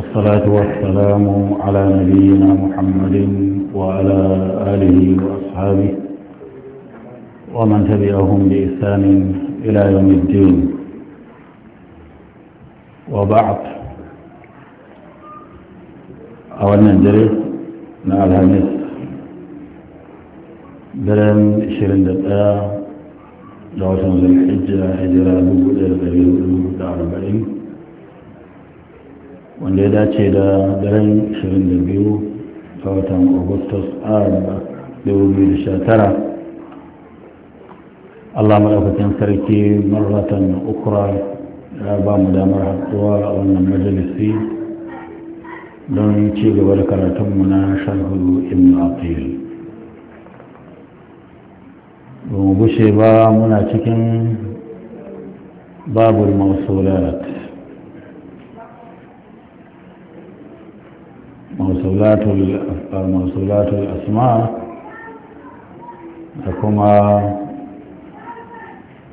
والصلاة والسلام على نبينا محمد وعلى آله وأصحابه ومن تبعهم بإحسان إلى يوم الدين وبعد أولا جريت مع الهمس daren 21 da watan zulhijja hijira 1440 wanda ya dace da daren 22 a watan augustus a 2019 allah maɗaukacin sarki maratan ukra ya ba mu damar haɗuwa a wannan majalisi don ci gaba da karatunmu na sharhu ibn aqil ba bushe ba muna cikin babul mausulat mansulatul eh, asma da kuma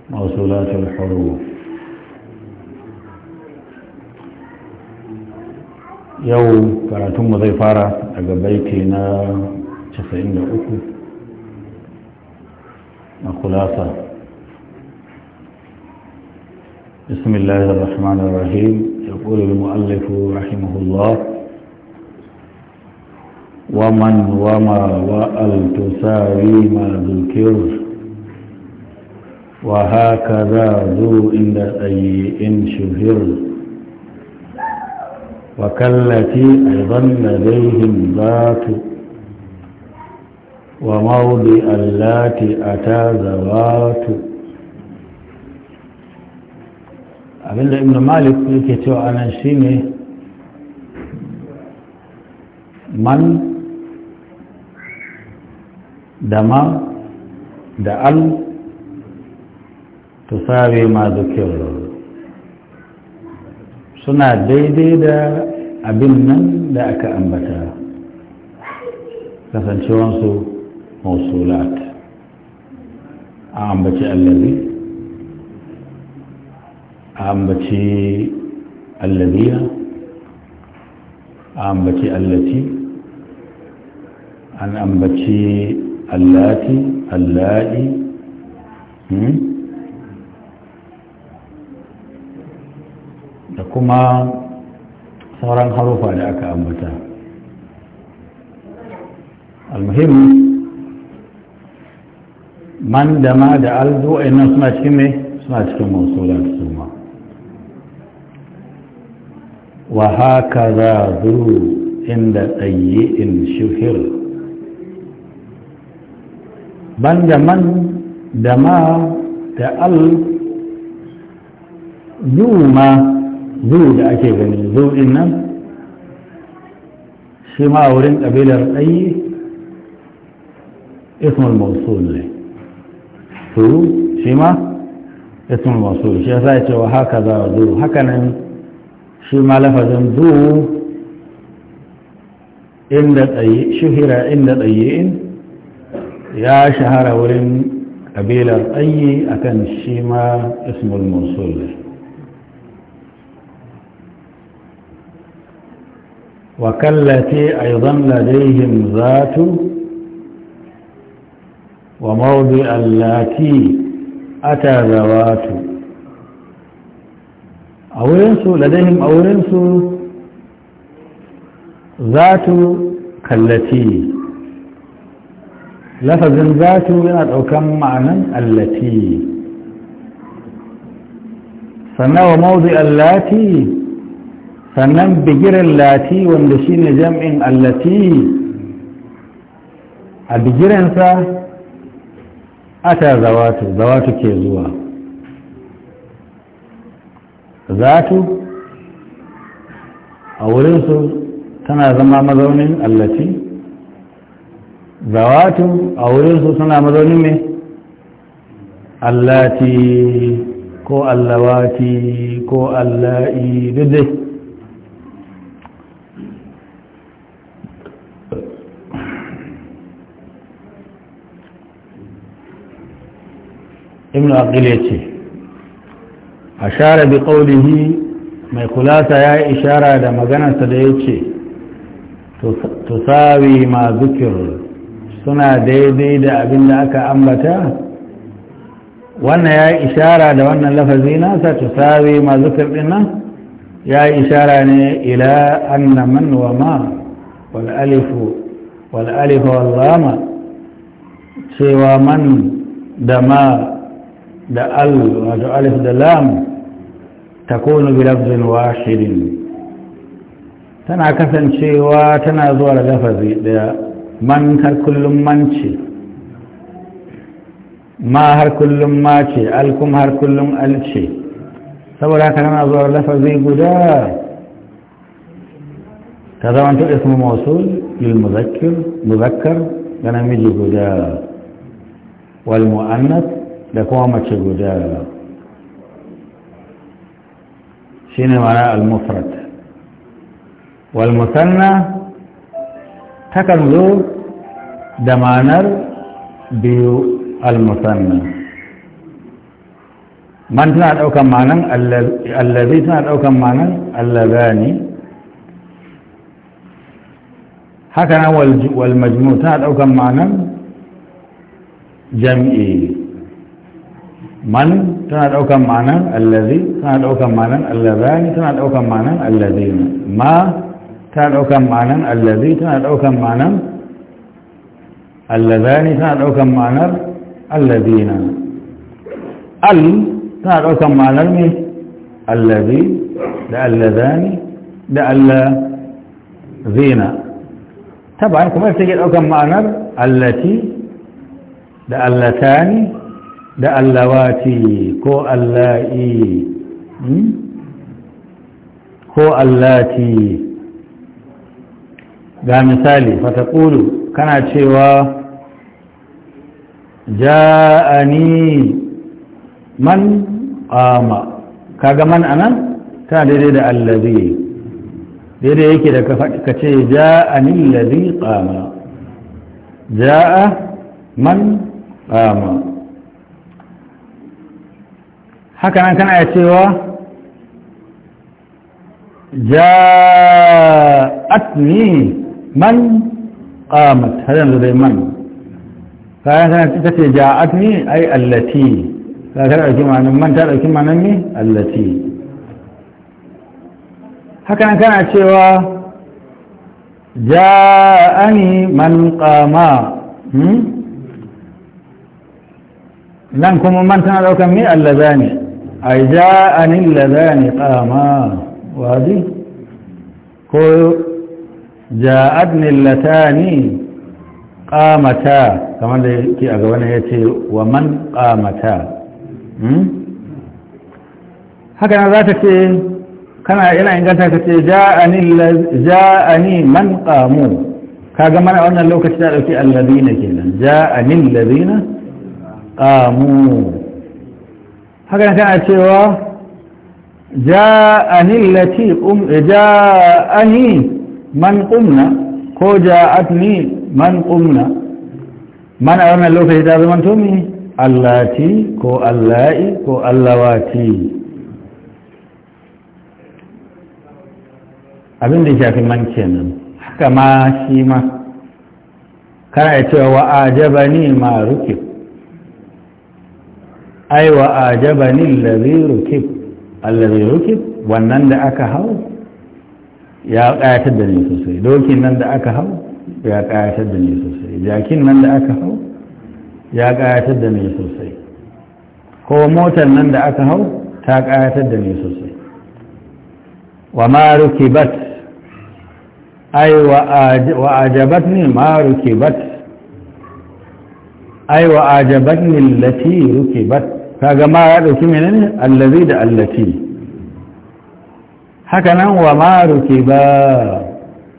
mansulatul huruf yau karatunmu zai fara daga baiti na 93 na kulasa بسم الله الرحمن الرحيم يقول المؤلف رحمه الله ومن وما وأل تساوي ما ذكر وهكذا ذو عند أي شهر وكالتي أيضا لديهم ذات وموضع اللاتي أتى ذوات abinda ibn malik yake cewa anan shine man da ma da al tusawe ma zukirru suna daidai da abin nan da aka ambata kasancewansu mausulat a ambaci allazi a ambaci allaziya a ambaci allaci an ambaci allati alladi hmm? da kuma sauran harufa da aka ambata almuhim man da ma da aldu suna cikin mai suna cikin mausulat su ma wa haka za zuru inda ɗayi in shuhir banda man da ma da al zu ma zu da ake gani zu din nan shi ma wurin ƙabilar ɗayi ismul mausul ne su shi ma ismul mausul shi ya sa cewa haka za zu haka nan shi ma lafazin zu inda tsaye shuhira inda tsaye'in يا شهر wurin قبيلة أي أكن shi اسم ismul وكالتي أيضا لديهم ذات وموضع اللاتي أتى ذوات أورنسوا لديهم أورنسوا ذات كالتي lafazin zatu yana ɗaukan ma'anan allati sannan wa mawzi allati sannan bigiran lati wanda shine jam'in allati a bigirinsa ata zawatu zawatu ke zuwa zatu a wurinsu tana zama mazaunin allati zawatun a wurinsu suna mazaunin mai allati ko allawati ko alla'i dade. ibn aqil ya ce a share bi qawlihi mai kulasa ya ishara da maganarsa da ya ce tusawi ma zikr suna daidai da abin da aka ambata wannan ya yi ishara da wannan lafazi nasa tusawi mazukar din nan ya yi ishara ne ila anna man wa ma wal alifu wal alifu wal lama cewa man da ma da al wato alif da lam takunu bi lafzin wahidin tana kasancewa tana zuwa da lafazi daya من هر كل منشي ما هر كل ماشي الكم هر كل الشي سورا كلام ازور لفظي قدا كذا وانتو اسم موصول للمذكر مذكر انا ميجي قدا والمؤنث لكوما تشي قدا شنو معنى المفرد والمثنى takan zo da ma'anar biyu al man tana ɗaukan manan allazi tana ɗaukan manan allazani haka nan wal majmu tana ɗaukan manan jam'i man tana ɗaukan manan allazi tana ɗaukan manan allazani tana ɗaukan manan allazina ma ta ɗaukan ma'anan allazi tana ɗaukan ma'anan allazani tana ɗaukan ma'anar allazina al tana ɗaukan ma'anar ne allazi da allazani da allazina taban kuma ke ɗaukan ma'anar allati da allatani da allawati ko alla'i hmm? ko allati ga misali Fata fatakulu kana cewa ja'ani man qama kaga man anan ta daidai da allazi daidai yake da ka ce ja'ani lazi ƙama. ja'a man ƙama. haka nan kana cewa ja'atni man qamat har yanzu dai man kayan tana ita ce ja'at ni ai allati ka ta ɗauki manan man ta ɗauki manan ni allati hakan kana cewa ja'ani man qama nan kuma man tana ɗaukan mi allaza ne ai ja'ani allazani qama wadi ko ja'adni latani qamata kamar da yake a gaba ne yace wa man qamata haka nan za ta ce kana yana inganta ka ce ja'ani ja'ani man qamu kaga mana wannan lokaci da dauki alladina kenan ja'ani alladina qamu haka nan kana cewa ja'ani lati um ja'ani man qumna ko ja'atni man qumna man a wannan lokaci ta zama to mi allati ko allahi ko allawati abin da shafi man kenan haka ma shi ma kana ya cewa wa ajabani ma rukib ai wa ajabani allazi rukib allazi rukib wannan da aka hau ya ƙayatar da ni sosai dokin nan da aka hau ya ƙayatar da ni sosai jakin nan da aka hau ya ƙayatar da ni sosai ko motar nan da aka hau ta ƙayatar da ni sosai wa ma rukibat ai wa ajabat ni ma rukibat ai wa ajabat ni allati rukibat kaga ma ya dauki menene allazi da allati haka nan wa maruki ba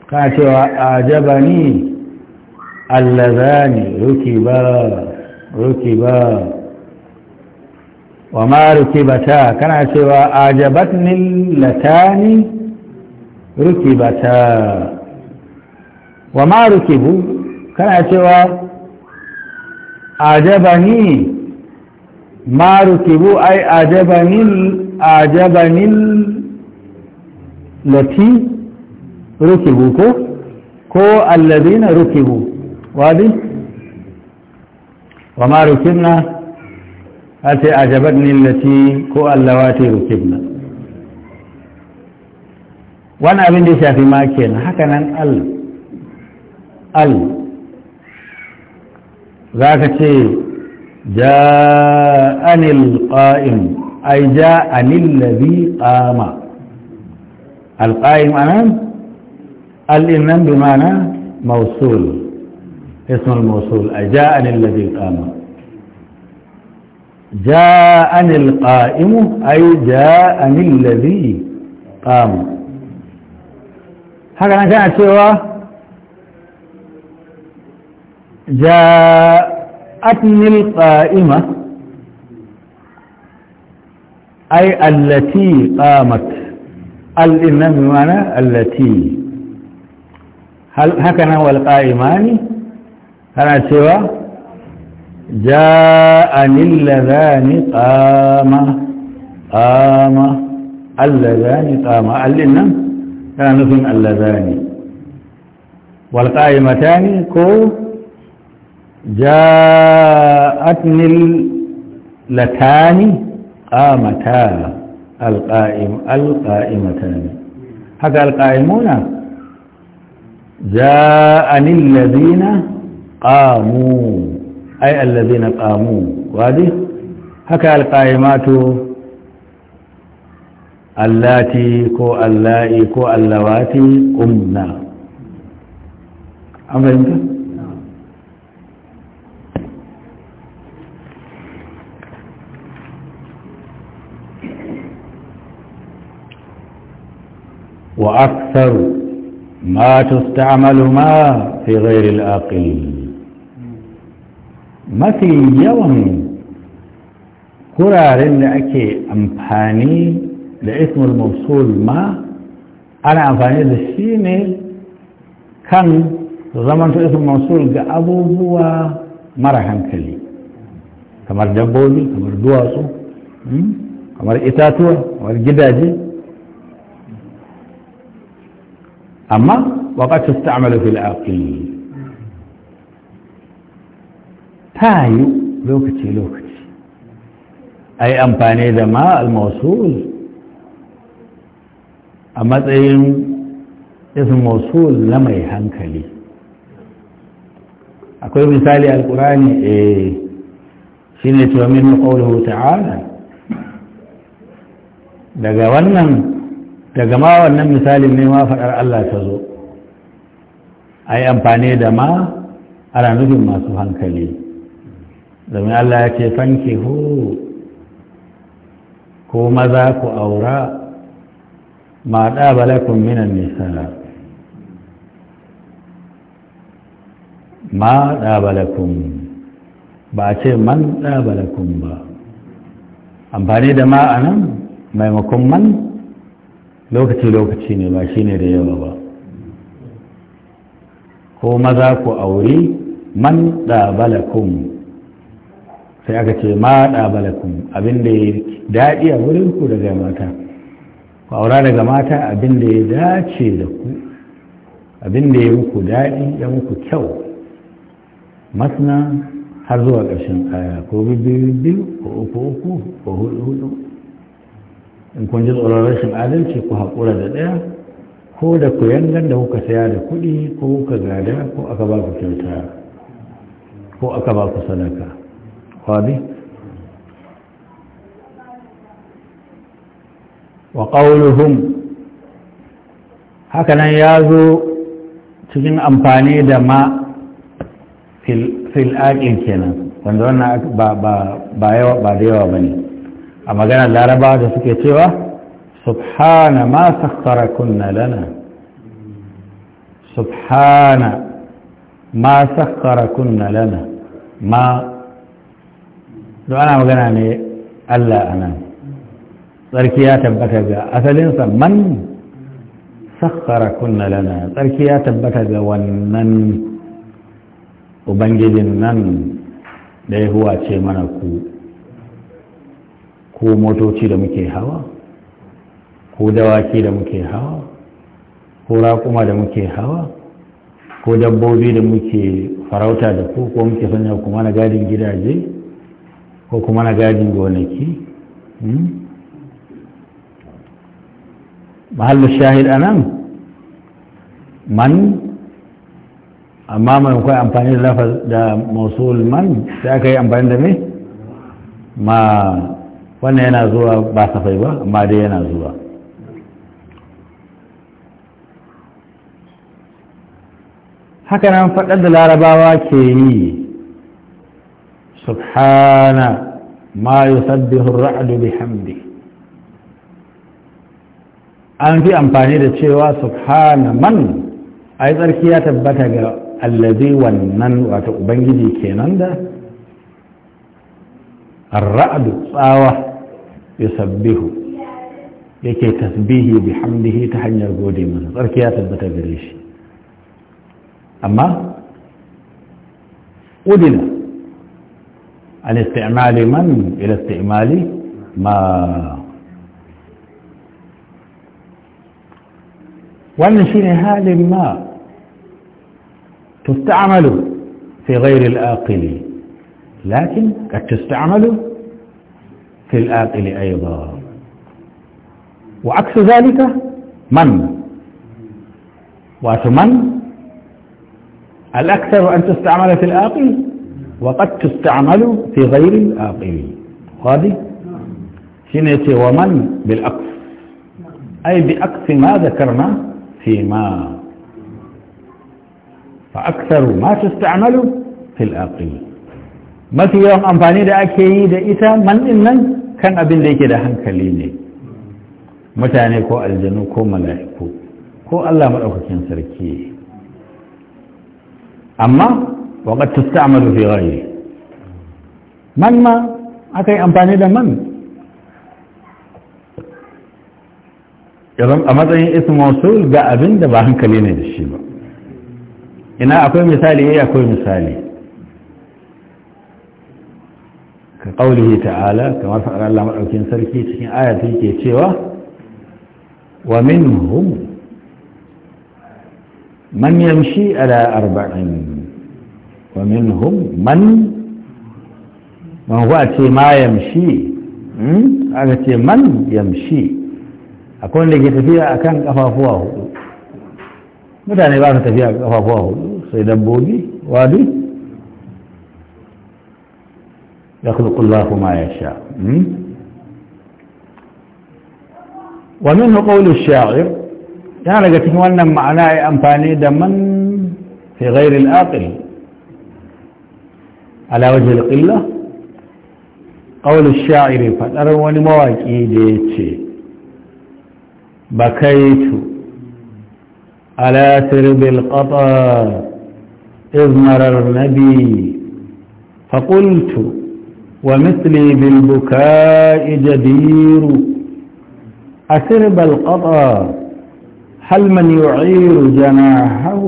ka cewa ajaba ni allazani ruki ba ruki ba wa maruki bata kana cewa ajabatni latani ruki ba ta, wa maruki bu kana cewa ajabani maruki bu ai ajabani ajabani lati rukibu ko ko allazina rukibu wadi wa ma rukibna ati ajabatni lati ko allawati rukibna wani abin da ya shafi ma kenan haka nan za ka ce ja'anil qa'im ai ja'anil ladhi qama القائم أمام الإمام بمعنى موصول اسم الموصول أجاءني الذي قام جاءني القائم أي جاءني الذي قام هكذا كانت سوى جاءتني القائمة أي التي قامت الإنم بمعنى التي هل هكذا هو القائمان هل سوى جاءني اللذان قام قام اللذان قام الإنم كان نفهم اللذان والقائمتان كو جاءتني اللتان قامتا alƙa'im alƙa'imatan haka alƙa'imuna ja'anil ladina ƙamu. Ai allazina ƙamu. wadi haka alqaimatu allati ko allai ko allawati umna. an fahimta وأكثر ما تستعمل ما في غير الأقل ما في يوم قرار لك أمحاني لإسم الموصول ما أنا أمحاني للشين كان زمن إسم الموصول قابو بوا مرحم كلي كما الجبولي كما الدواسو كما الإتاتو والجداجي amma waƙar ta sta'amala fi al'aƙi ta yi lokaci-lokaci a amfani da ma al-masul a matsayin isin na mai hankali akwai misali al e shine shi ne tuwa daga wannan daga ma wannan misalin ne ma faɗar Allah ta zo a yi amfani da ma ana nufin masu hankali domin Allah ya ce fanki hu ko maza ku aura ma ɗabalakun minan nisa ma ɗabalakun ba a ce man ɗabalakun ba amfani da ma'anan maimakon man lokaci lokaci ne ba shine da yawa ba ko maza ku auri man ɗabalakum sai aka ce ma Abin abinda ya daɗi a ku daga mata ku aura daga mata abinda ya dace da ku abinda ya muku daɗi ya muku kyau masna har zuwa ƙarshen aya ko biyu biyu ko uku uku ko hudu hudu in kun ji tsoron rashin adalci ku haƙura da ɗaya ko da ku yangan da kuka saya da kuɗi ko kuka gada ko aka ba ku kyauta ko aka ba ku sadaka kwabi wa ƙauluhum hakanan ya zo cikin amfani da ma fil'aƙin kenan wanda wannan ba da yawa ba ne a maganar laraba da suke cewa subhana ma sakhara kunna lana subhana ma sakhara kunna lana ma da ana magana ne Allah anan tsarki ya tabbata ga asalinsa man sakhara kunna lana tsarki ya tabbata ga wannan ubangijin nan da ya ce mana ku ko motoci da muke hawa ko dawaki da muke hawa ko raƙuma da muke hawa ko dabbobi da muke farauta da ko ko muke sanya kuma na gadin gidaje ko kuma na gadin gonaki hmm? mahallu shahid a nan man amma kwai amfani da lafa da mausul man sai aka yi amfani da mai ma wannan yana zuwa ba safai ba amma dai yana zuwa haka nan faɗar da larabawa ke yi subhana ma yusabbihu ra'adu bihamdi an fi amfani da cewa subhana man a yi tsarki ya tabbata ga allazi wannan wata ubangiji kenan da ra'adu radu tsawa يسبه يكي تسبيه بحمده تحني الغودي من تركيا تبت بريش أما أدنا عن استعمال من إلى استعمال ما وأن شيني هال ما تستعمل في غير الآقل لكن قد تستعمل في الآكل أيضا وعكس ذلك من وأتمن الأكثر أن تستعمل في الآقل وقد تستعمل في غير الآقل هذه سنتي ومن بالأكث أي بأكث ما ذكرنا فيما فأكثر ما تستعمل في الآقل mafi yawan amfani da ake yi da ita man nan kan abin da yake da hankali ne mutane ko aljanu ko mala'iku ko Allah maɗaukakin sarki amma waƙar amalu fi ghairi man ma aka yi amfani da man a matsayin ism wasul ga abin da ba hankali ne da shi ba ina akwai misali eh akwai misali ka ƙaunihi ta'ala kamar faɗar Allah maɗaukin sarki cikin ayata yake cewa wa min minhum man yamshi ala arba'in wa min man man huwa ce ma yamshi hmm? aka ce man yamshi akwai wanda ke tafiya a kan kafafuwa hudu mutane ba su tafiya a kafafuwa hudu sai dabbobi wadu يخلق الله ما يشاء ومنه قول الشاعر يعني قلت وانا معناه أنفاني دما في غير الآقل على وجه القلة قول الشاعر فأروني مواكي ديتي بكيت على سرب القطر إذ مررنا بي فقلت ومثلي بالبكاء جدير أسرب القطر هل من يعير جناحه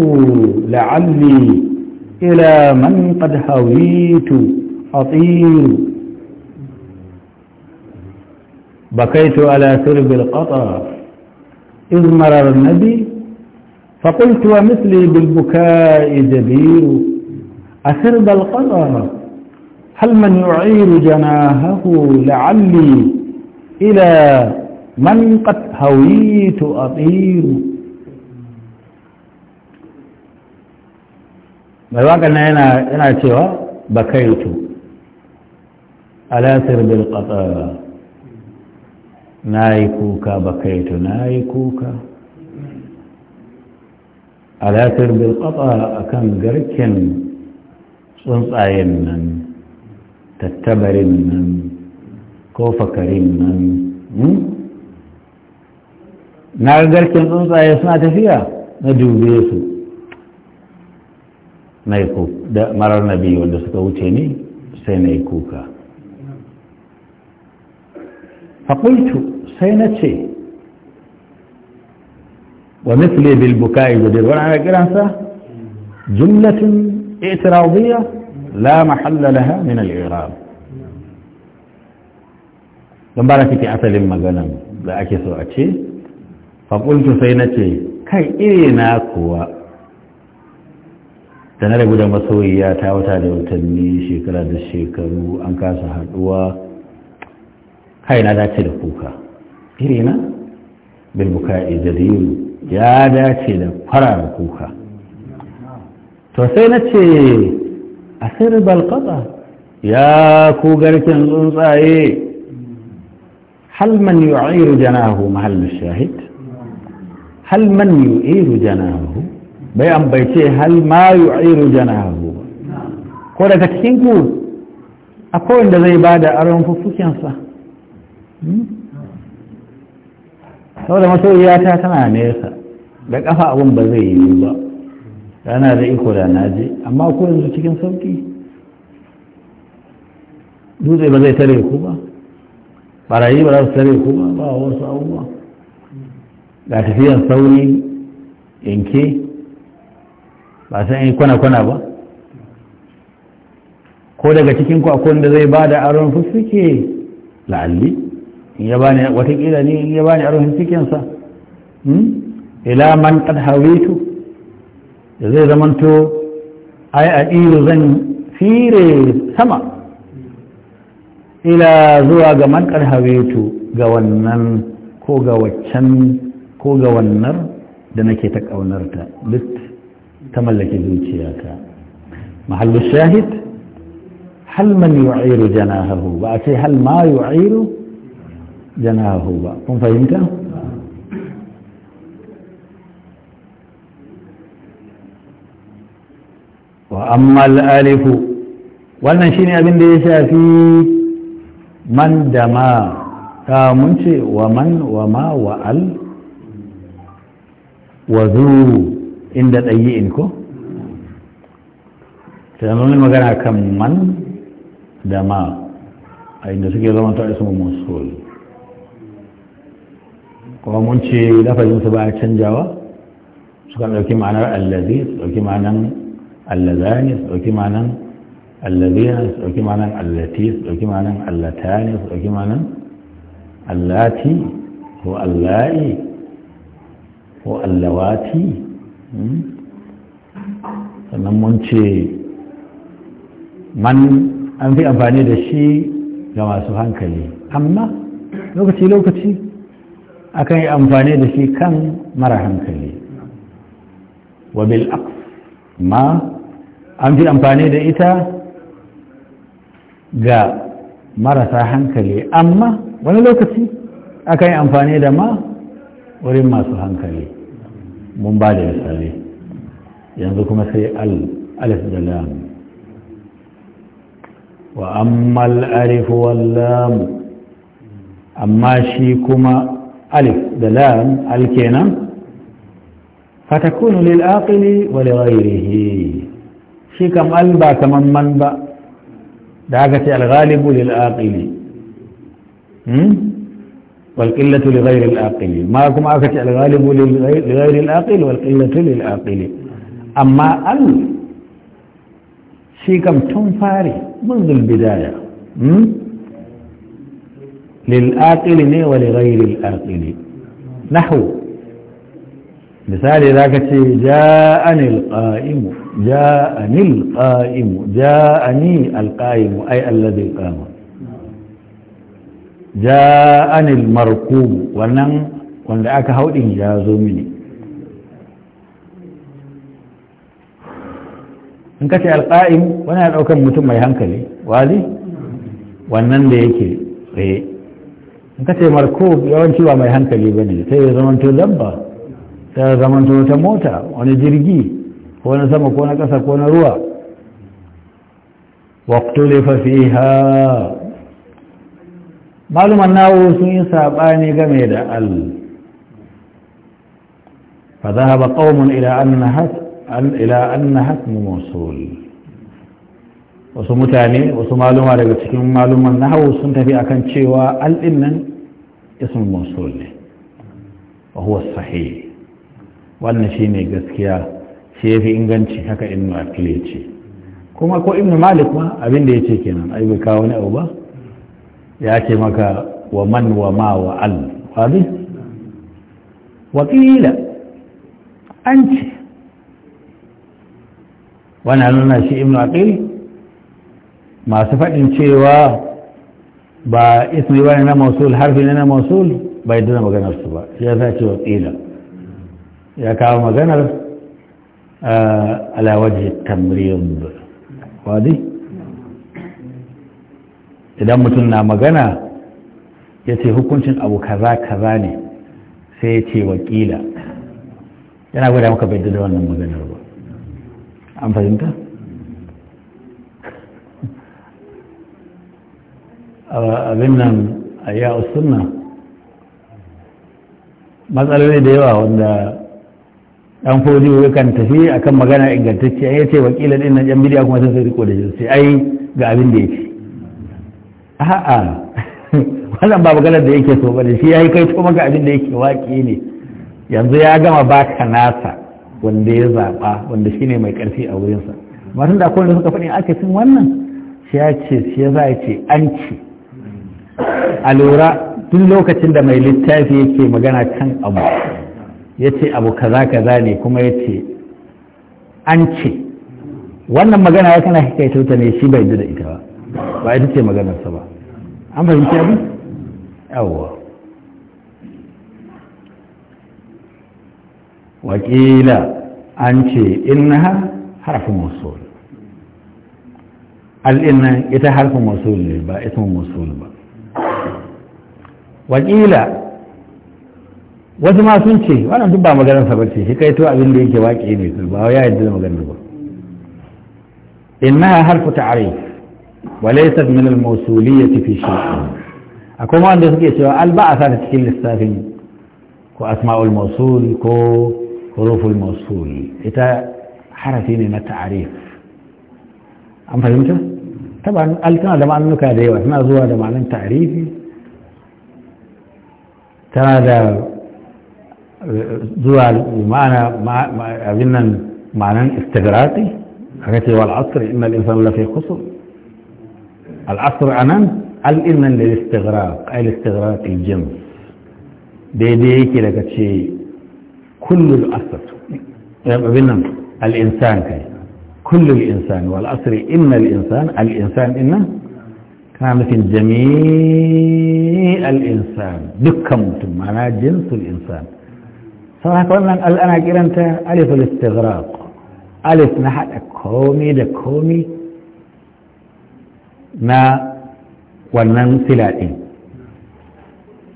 لعلي إلى من قد هويت أطير بكيت على سرب القطر إذ مرر النبي فقلت ومثلي بالبكاء جدير أسرب القطر هل من يعير جناهه لعلي إلى من قد هويت أطير بواقعنا هنا هنا سوى بكيت الاثر بالقطار نايكوكا بكيت نايكوكا الاثر بالقطار أكم قركن صنصاين من tattabarin nan ko fakarin nan na garken tsuntsaye suna tafiya na dube su na yi da marar nabi wanda suka wuce ni sai na yi kuka fakultu sai na ce wa misli bil bukai da dirbar ana kiransa jumlatin itiraziyya la mahalla laha min irab don ba take asalin maganan da ake so a ce faƙultu sai na ce kan iri na kuwa da na rabu da masoyiya ta wata da watanni shekara da shekaru an kasa haɗuwa kai na dace da kuka iri na bilbuka ijadiru ya dace da fara kuka to sai na ce أثر بالقطع ياكو قلت انصائي هل من يعير جناه محل الشاهد هل من يعير جناه بيان بيتي هل ما يعير جناه قولة تكسينكو أقول إن ذي بعد أرون فوفوك ينصى هذا ما سوء ياتي أتنا نيسا لك أفا أبن بذي يبقى rana da iko da na je amma ko yanzu cikin sauki dutse ba zai tare ku ba barayi ba za su tare ku ba ba wasu abubuwa ga tafiyan sauri yanke ba san yi kwana-kwana ba ko daga cikin ku akwai wanda zai ba da aron fuffuke la'alli in ya bani watakila ne in ya bani aron fuskensa hmm? ila man kad hawaitu da zai zamanto ai a iru zan fire sama ila zuwa ga mankar hawetu ga wannan ko ga waccan ko ga wannan da nake ta ƙaunarta duk ta mallaki zuciyata mahallu shahid hal man yu'iru janahu ba a ce hal ma yu'iru janahu ba kun fahimta wa ammal alifu wannan shine abin da ya shafi man da ma ta mun ce wa man wa ma wa al wa zu inda ɗayi in ko sai mun magana kan man da ma a inda suke zama ta ismu musul kuma mun ce lafazinsu ba a canjawa sukan ɗauki ma'anar allazi su ɗauki ma'anar allazani su ɗauki manan allazina su ɗauki manan allati su ɗauki manan allatani su ɗauki manan allati ko allahi ko allawati hmm? sannan mun ce man an fi amfani da shi ga masu hankali amma lokaci-lokaci akan yi amfani da shi kan mara hankali wa bil ma an fi amfani da ita ga marasa hankali amma wani lokaci aka yi amfani da ma wurin masu hankali mun ba da misali yanzu kuma sai alif da lam wa amma al'arifu wallam amma shi kuma alif da lam alkenan fatakunu lil'aƙili wa lirairihi shi kam al ba kaman man ba da aka ce al-ghalibu lil aqili hmm? wal qillatu li ghayri al aqili ma kuma aka ce al-ghalibu lil ghayri al aqili wal qillatu lil aqili amma al shi kam tun fari منذ البدايه للآقل ne wa li ghayri al misali za ka ce anil ja'ani alƙa'imu ja'ani alƙa'imu ja'ani alƙa'imu ai allazi qama ja'ani almarkubu wannan wanda aka haudin ya zo mini in ka ce alƙa'im wani ya ɗaukan mutum mai hankali wali wannan da yake tsaye in ka ce marko yawanci ba mai hankali ba ne sai ya zama to dabba ta zamanto ta mota wani jirgi ko na sama ko na ƙasa ko na ruwa waktulifa fiha maluman nawo sun yi saɓani game da al Fa فذهب قوم إلى أنها إلى أنها اسم موصول wasu mutane wasu maluma daga cikin maluman nahawu sun tafi akan cewa al'innan ismin mosul ne wa huwa sahih wannan shine gaskiya shi yafi inganci haka in ma ya ce kuma ko in malik ma abin da ya ce kenan ai bai kawo ni abu ba ya ce maka wa man wa ma wa al wadi wa an ce wannan nuna shi ibnu akil masu fadin cewa ba ismi ba na mausul harfi na mausul bai dana maganarsu su ba shi ya sace wa ƙila ya kawo maganar eh, waje tamriyar wadi idan mutum na magana ya ce hukuncin abu kaza kaza ne sai ya ce wakila yana gwada maka bai da wannan maganar ba an fahimta? abin nan a yi a sunna matsaloli da yawa wanda dan fojiyo kan tafi akan magana ingantacce ya ce wakila din nan yan kuma sai sai riko da sai ai ga abin da yake a'a wannan ba maganar da yake so bane shi yayi kai to maka abin da yake waki ne yanzu ya gama baka nasa wanda ya zaba wanda shine mai karfi a wurinsa matan da akwai wanda suka faɗi aka cin wannan shi ya ce shi ya za ce an ci. a lura tun lokacin da mai littafi yake magana kan abu ya ce abu kaza kaza ne kuma ya ce an ce wannan magana ya kana kai ta ne shi bai da ita ba ba ita ce maganarsa ba an fahimci abin yawwa wakila an ce innaha harfin musul al'innan ita harfin musul ne ba ismin musul ba wakila wasu ma sun ce wannan duk ba maganar sa bace shi kai to abin da yake waƙe ne ba ya yadda da maganar ba innaha harfu ta'rif wa laysat min al-mawsuliyyati fi shay'in akwai wanda suke cewa al alba'asa ta cikin lissafin ko asma'ul mawsul ko huruful mawsul ita harafi ne na ta'rif an fahimta taban altana da ma'anuka da yawa suna zuwa da ma'anan ta'rifi tana da دول معنى معنى معنى استغراقي حكيتي والعصر إن الإنسان لفي فيه العصر انا قال للاستغراق أي الاستغراق الجنس بيديك لك شيء كل العصر بينا يعني الإنسان كي. كل الإنسان والعصر إن الإنسان الإنسان إن كان مثل جميع الإنسان دكم معنى جنس الإنسان فما قلنا الآن أجل أنت ألف الاستغراق ألف نحن كومي لكومي ما ونن سلائي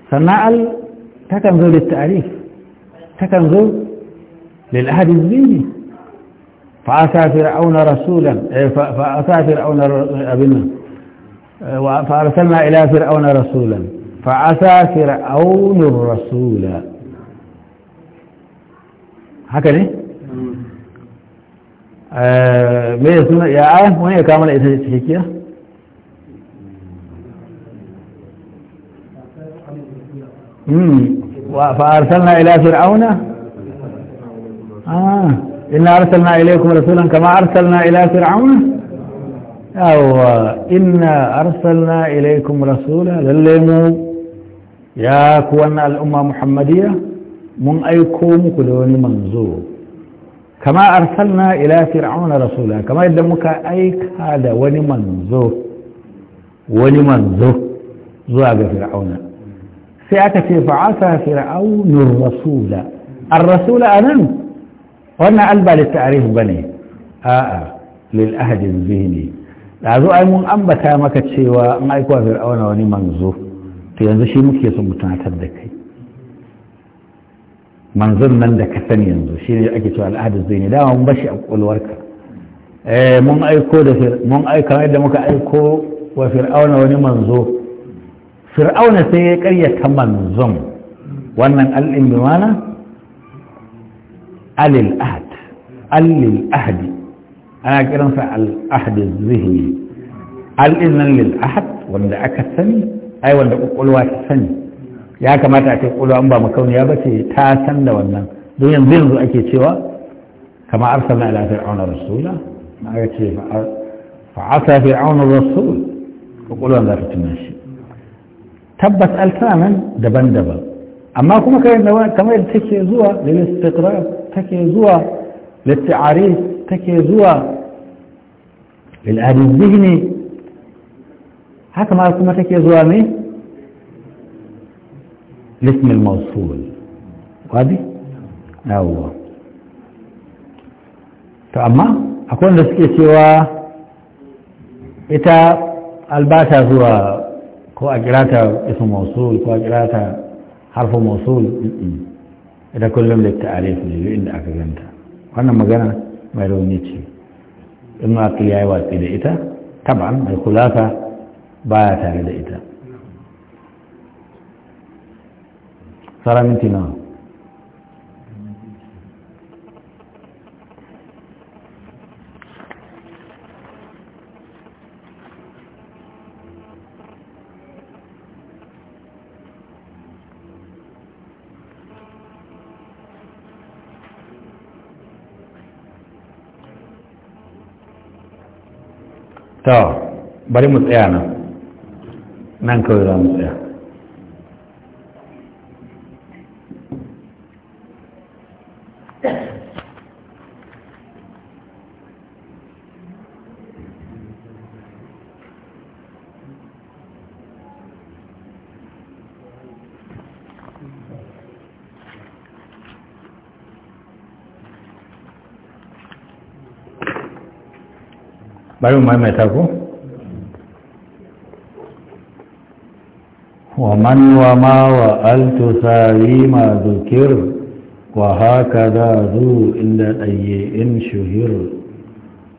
فما قال تكنزو للتأليف تكنزو للأهد الزيني فأسى فرعون رسولا إيه، فأسى فرعون ابن إيه، فأرسلنا إلى فرعون رسولا فعسى فرعون الرسولا haka ne eh, mai suna ya aya wani ya kama da ita cikakkiya فأرسلنا إلى فرعون آه إنا أرسلنا إليكم رسولا كما أرسلنا إلى فرعون أو إنا أرسلنا إليكم رسولا للمو يا كوانا الأمة محمدية mun aiko muku da wani manzo kama arsalna ila fir'auna rasula kama yadda muka aika da wani manzo wani manzo zuwa ga fir'auna sai aka ce fa'asa fir'aunur rasula ar rasula anan wannan alba da ta'arif bane a'a lil ahadin ne. da zo ai mun ambata maka cewa an aika fir'auna wani manzo to yanzu shi muke so mu da kai manzon nan da ka sani yanzu shi ne ake cewa al'adar zai ne dama mun bashi a ƙwaƙwalwarka mun aiko da mun aika yadda muka aiko wa fir'auna wani manzo fir'auna sai ya karyata manzon wannan al'in bi mana alil ahad alil ahadi ana kiransa al'ahad zihni al'in nan lil ahad wanda aka sani ai wanda ƙwaƙwalwa ta sani ya kamata a ce ƙulwa an ba makauniya ba ce ta san da wannan don yanzu yanzu ake cewa kama arsalna ila fir'auna rasula aka ce fa'asa fir'auna rasul ƙulwa za ta tuna shi tabbas alsanan daban-daban amma kuma kamar yadda take zuwa lil istiqrar take zuwa lil ta take zuwa lil adil zihni haka ma kuma take zuwa ne الاسم الموصول واضح yawwa to amma akwai wanda suke cewa ita albata zuwa ko a kirata ism mausul ko a kirata harfin mausul ita kullum da ta arifu ne inda aka ganta wannan magana mai rauni ce in ma ya yi watsi da ita taban mai kulasa baya tare da ita tsara minti na ta bari mu tsaya nan nan kawai za mu tsaya bari mu maimaita ko wa man wa ma wa altu ma zukir wa haka za zu inda ɗaye in shuhir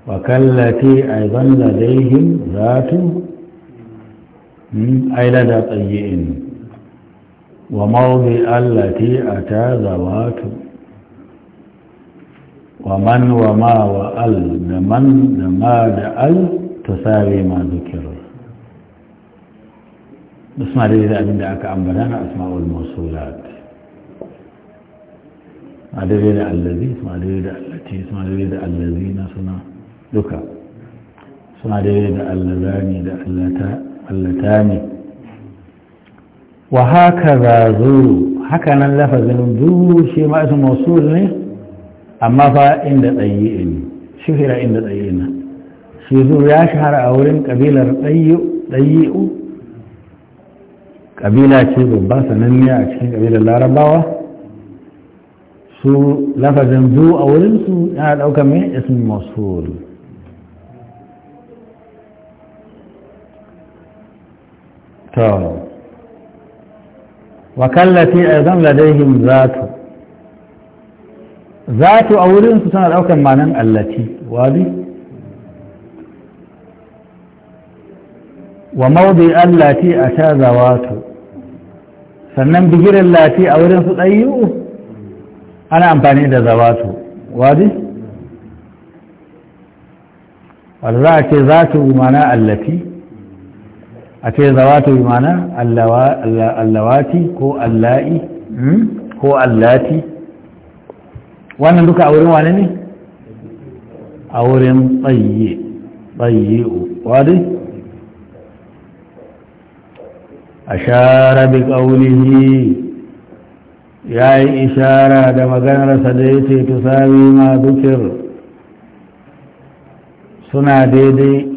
wa kallafi a zan da daihin za tu aila da ɗaye wa mawuzi allati a ta zawatu ومن وما وأل لمن من ده أل تساوي ما ذكر اسمع لي إذا أبدا أكا أسماء الموصولات ما لي إذا الذي اسمع لي إذا التي اسمع لي إذا الذين سنا لك اسمع لي إذا اللذان إذا اللتان وهكذا ذو هكذا لفظ ذو شيء ما اسم موصول ليه amma fa inda tsayi ne shuhira inda tsayi na shi zur ya shahara a wurin kabilar tsayi'u kabila ce babba sananniya a cikin kabilar larabawa su lafazin zu a wurinsu yana ɗauka mai ismin masul to wakallati a zan ladaihim zatu Za ذات a wurinsu tana daukan manan allati wadi wa maudi allati a ta zawatu sannan bigirin lati a wurinsu ɗayyu ana amfani da zawatu wadi wadda za a ce za zatu mana allati a ce zawatu mana allawati ko alla'i hmm? ko allati wannan duka a wurin wane ne a wurin tsaye tsaye wadai a shara bi ƙaunihi ya yi ishara da maganarsa da ya ce tusami ma dukir suna daidai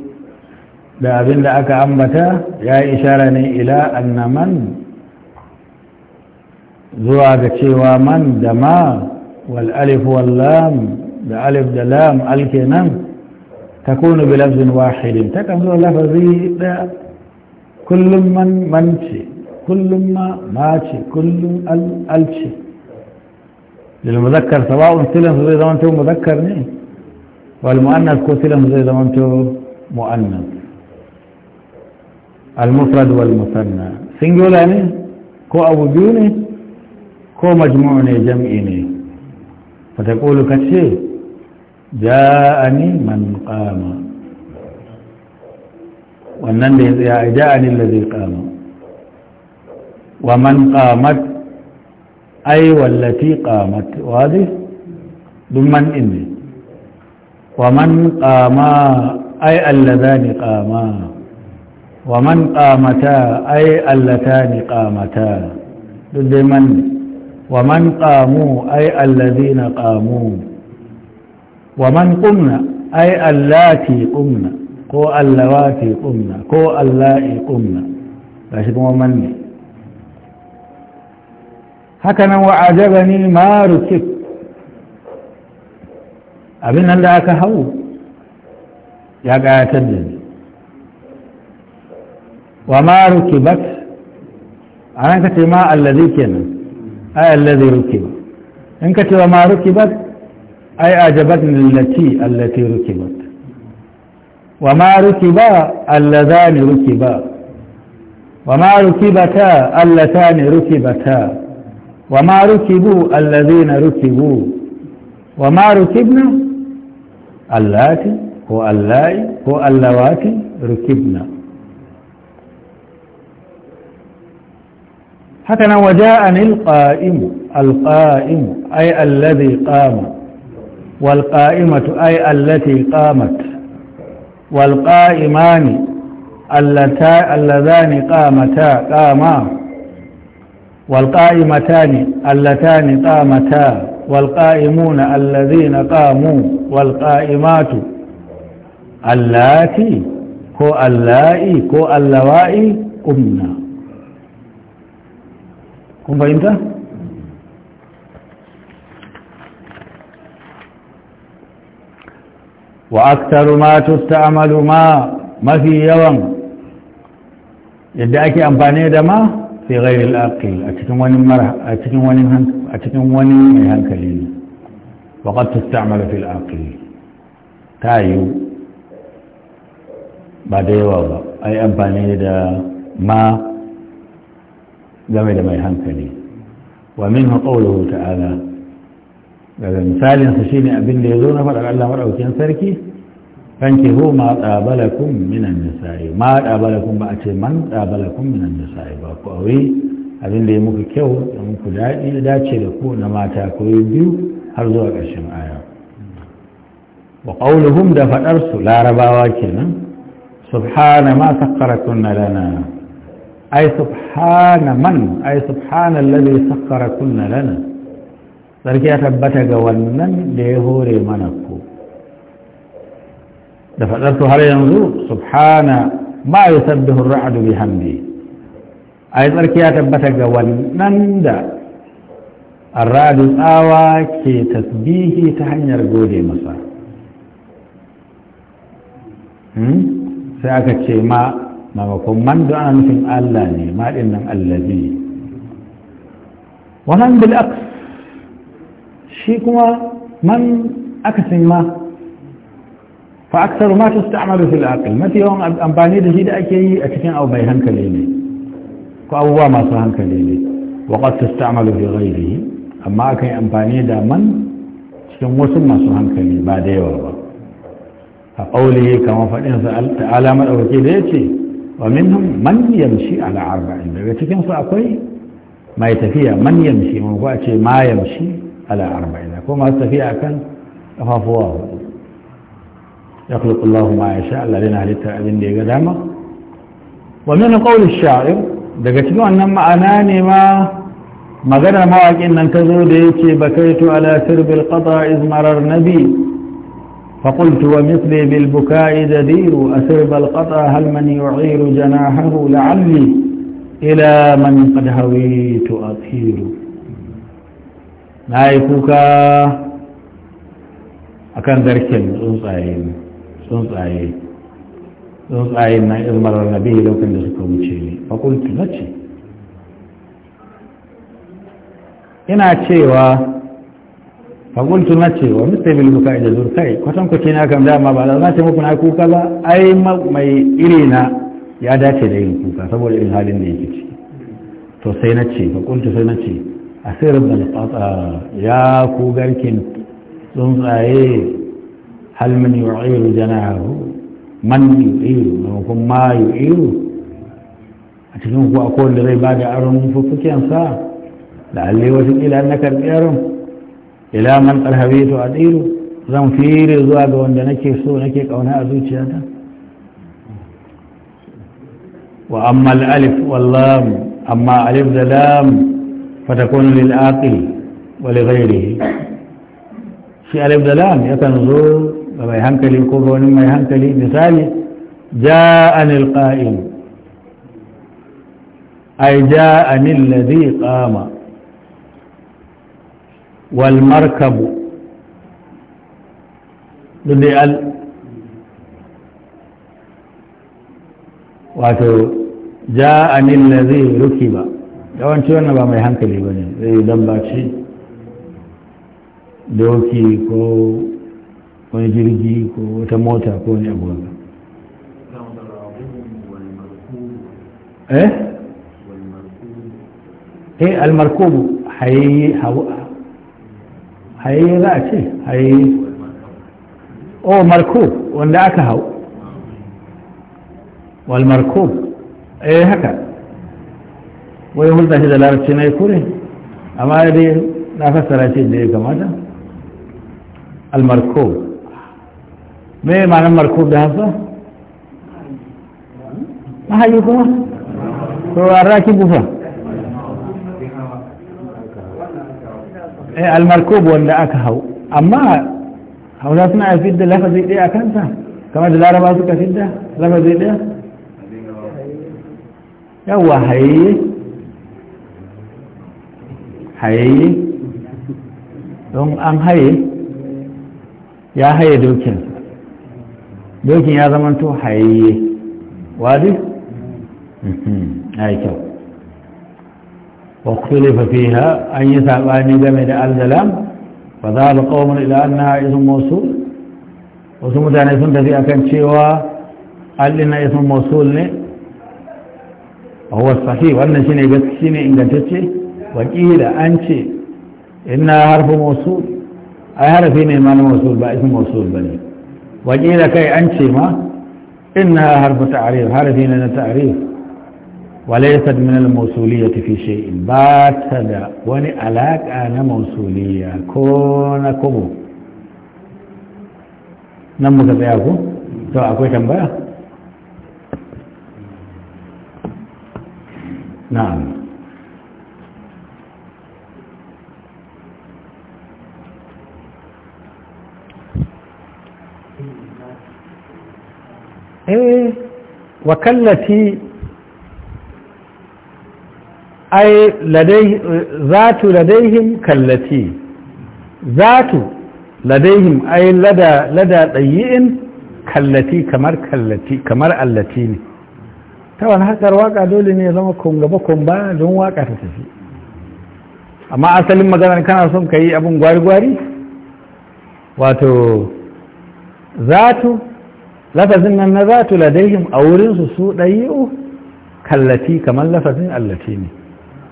da abin da aka ambata ya yi ishara ne ila annaman zuwa ga cewa man da ma والألف واللام بألف دلام الكنام تكون بلفظ واحد تكون لفظي ده كل من منشي كل ما ماشي كل الألشي للمذكر سواء سلم زي زمانته مذكر ني والمؤنث كو سلم زي زمانته مؤنث المفرد والمثنى سنجولا ني كو أبو بيوني كو مجموع ني جمعي ني فتقول كتشي جاءني man قام wannan da ya tsaya ja'anin da zai kama wa man qamat ai wallafi qamat wazi dun man din ne wa man qama ai allazani qama wa man qamata ai ni qamata duk dai man ne ومن قاموا أي الذين قاموا ومن قمنا أي اللاتي قمنا كو اللواتي قمنا كو اللائي قمنا لاشد ومن هكذا وعجبني ما ركب أبنا لك هو يا قاتل وما ركبت أنا كتما الذي كنا أي الذي ركب إن كتب ما ركبت أي أعجبتني التي التي ركبت وما ركبا اللذان ركبا وما ركبتا اللتان ركبتا وما ركبوا الذين ركبوا وما ركبنا اللاتي هو اللائي هو اللواتي ركبنا هكذا وجاءني القائم القائم أي الذي قام والقائمة أي التي قامت والقائمان اللذان قامتا قاما والقائمتان اللتان قامتا والقائمون الذين قاموا والقائمات اللاتي كو اللائي كو اللوائي قمنا kun fahimta wa aktaru ma tusta'malu ma mafi yawan yadda ake amfani da ma fi ghairil aqil a cikin wani mara a cikin wani a cikin wani mai hankali ne wa qad tusta'malu fil aqil tayu ba da yawa ba ai amfani da ma game da mai hankali wa min haƙaunahu ta'ala daga misalinsa shi ne abin da ya zo na faɗar Allah maɗaukin sarki fanki ho ma ɗabalakun minan nisa'i ma ɗabalakun ba a ce man ɗabalakun minan nisa'i ba ku auri abin da ya muku kyau da muku daɗi da dace da ku na mata ku yi biyu har zuwa ƙarshen aya wa ƙaunuhum da faɗarsu larabawa kenan subhana ma sakkaratun na lana ai subhana man ai subhana allazi sakkara kunna lana sarki ya tabbata ga wannan da ya hore mana ku da faɗar to har yanzu subhana ma yusabbihu ar-ra'du bihamdi ai sarki ya tabbata ga wannan da ar-ra'du tsawa ke tasbihi ta hanyar gode masa sai aka ce ma maimakon man da ana nufin Allah ne maɗin nan allazi wannan bilak shi kuma man akasin ma fa aksaru ma tusta'malu fil aql mafi yawan amfani da shi da ake yi a cikin abu mai hankali ne ko abubuwa masu hankali ne wa qad tusta'malu fi ghayrihi amma akan amfani da man cikin wasu masu hankali ba da yawa ba a ƙaule kamar faɗinsa ta'ala maɗaukaki da ya ce wa minhum man yamshi ala arba'in daga cikin akwai mai tafiya man yamshi mun ko ce ma yamshi ala arba'in ko masu tafiya akan kafafuwa hudu yakhluqu Allahu ma yasha Allah yana halitta abin da ya ga dama wa min qawli shair daga cikin wannan ma'ana ne ma maganar mawaƙin nan ta zo da yake bakaitu ala sirbil qada iz marar nabi فقلت ومثلي بالبكاء ددير أسرب القطى هل من يعير جناحه لعلي إلى من قد هويت أطير نايكوكا أكان ذركن سنصعين سنصعين سنصعين ما إضمر النبي لو كان يسكو فقلت لا شيء إنا شيء fakultu na ce wa mista bil buka zur kai kwatan ku na kam dama ba za ta muku na kuka ba ai mai iri na ya dace da yin kuka saboda irin halin da yake ciki to sai na ce fakultu sai na ce asirin da tsatsa ya ku garkin tsuntsaye hal min yu'iru janahu man yu'iru maimakon ma yu'iru a cikin ku akwai wanda zai ba da aron fuffukensa da alle wasu kila na karɓi aron إلى من قال هبيت وأدير زم في رزاق وند نكي سو نكي كونا أزوج هذا وأما الألف واللام أما ألف ذلام فتكون للآقل ولغيره في ألف ذلام يتنظر وما يهنك لي يهنكلي وما يهنك لي مثال جاءني القائم أي جاءني الذي قام wal markabu al wato ja anil ladhi ba. yawanci wannan ba mai hankali ba ne zai dambaci doki ko wani jirgi ko wata mota ko wani abu eh eh almarkubu hayayye hayayye za a ce hayayye o marko wanda aka hau wal marko eh haka wai hulɗa shi da larabci na yi kure amma dai na fassara shi da ya kamata al marko me ma'anar marko da hasa mahayi kuma to a raki bufa Eh, almarkob wanda aka hau amma hausa suna ya fidda lafazi ɗaya a kansa kamar da laraba suka fidda lafazi ɗaya yawa hayayye hayayye don an haye ya haye dokin dokin ya zamanto hayayye wadi? Mhm, a yi kyau واختلف فيها أن يثاباني جمد الزلام فذهب قوم إلى أنها اسم موصول وسمت أن اسم تفي أكن شيوا قال إن اسم موصول وهو الصحيح وأن شيني بس شيني إن قلتشي وقيل أنشي إنها حرف موصول أي حرفين ما موصول بقى اسم موصول بني وقيل كي أنشي ما إنها حرف تعريف حرفين لنا تعريف walaisat min al-mausuliyya fi shay'in ba da wani alaƙa na mausuliyya ko na kobo nan muka tsaya ko to akwai tambaya eh, wakallati ai zatu ladaihim kallati zatu ladaihim ai lada lada dayi'in kallati kamar kallati kamar allati ne ta wani harkar waka dole ne ya zama kun gaba kun ba don waka ta tafi amma asalin maganar kana son ka yi abin gwari-gwari wato zatu lafazin nan na zatu ladaihim a wurinsu su ɗayi'u kallati kamar lafazin allati ne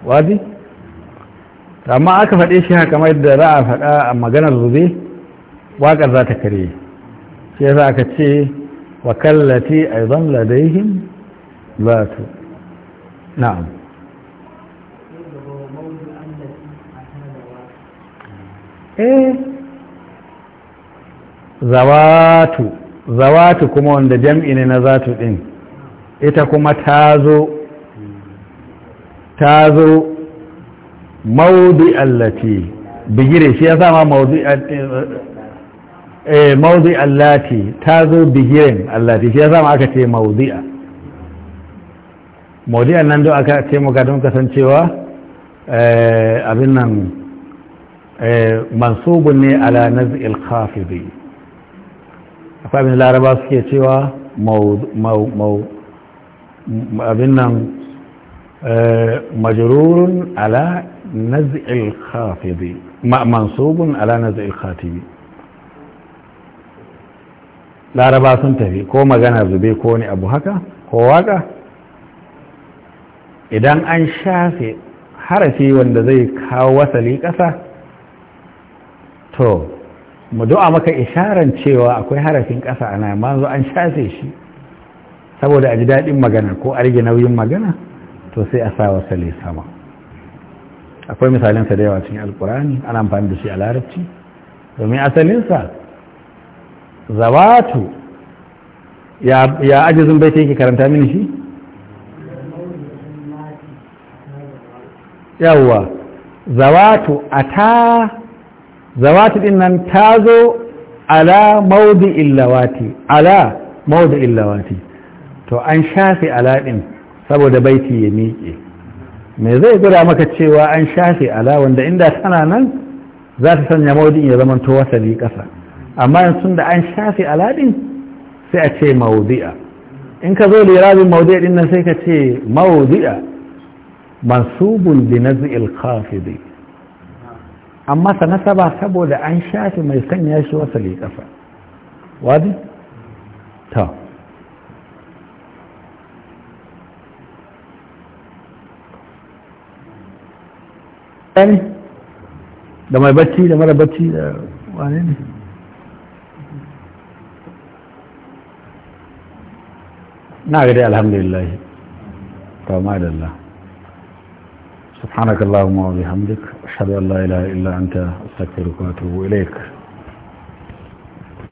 wadi amma aka faɗe shi haka mai da za a faɗa a maganar zube waƙar za ta kare shi yasa aka ce wa kallati aizan ladaihim ba tu na'am eh zawatu zawatu kuma wanda jam'i ne na zatu din ita kuma ta zo ta zo maudi allati bigire shi ya sama maudi eh, eh, allati ta zo bigiren allati shi ya sama aka ce maudi'a maudi'a nan don aka ce muka don kasancewa eh, abin nan mansubun ne ala nazil khafidi akwai abin laraba suke cewa abin nan مجرور على نزع الخافض منصوب على نزع الخاتب laraba sun tafi ko magana zube ko wani abu haka ko idan an shafe harafi wanda zai kawo wasali ƙasa to mu du'a maka isharan cewa akwai harafin ƙasa ana manzo an shafe shi saboda a ji daɗin magana ko a rage nauyin magana to sai a sa wasa sama akwai misalinsa da yawa cikin alkurani ana amfani da shi a larabci domin asalinsa zawatu ya ajizin baita yake karanta mini shi Yawa zawatu a ta zawatu din nan ta zo ala maudi illawati ala maudi illawati to an shafi ala din saboda baiti ya miƙe me zai gura maka cewa an shafe ala wanda inda tana nan za ta sanya maudin ya zama to wasali ƙasa amma yanzu da an shafe aladin sai a ce maudi'a in ka zo bin maudi'a din nan sai ka ce maudi'a mansubun bi nazil khafidi amma sa nasaba saboda an shafe mai sanya shi wasali ƙasa wadi ta ne da mai bacci da mara bacci da wane ne na ga dai alhamdulillah ta madalla سبحانك اللهم وبحمدك أشهد أن لا إله إلا أنت أستغفرك وأتوب إليك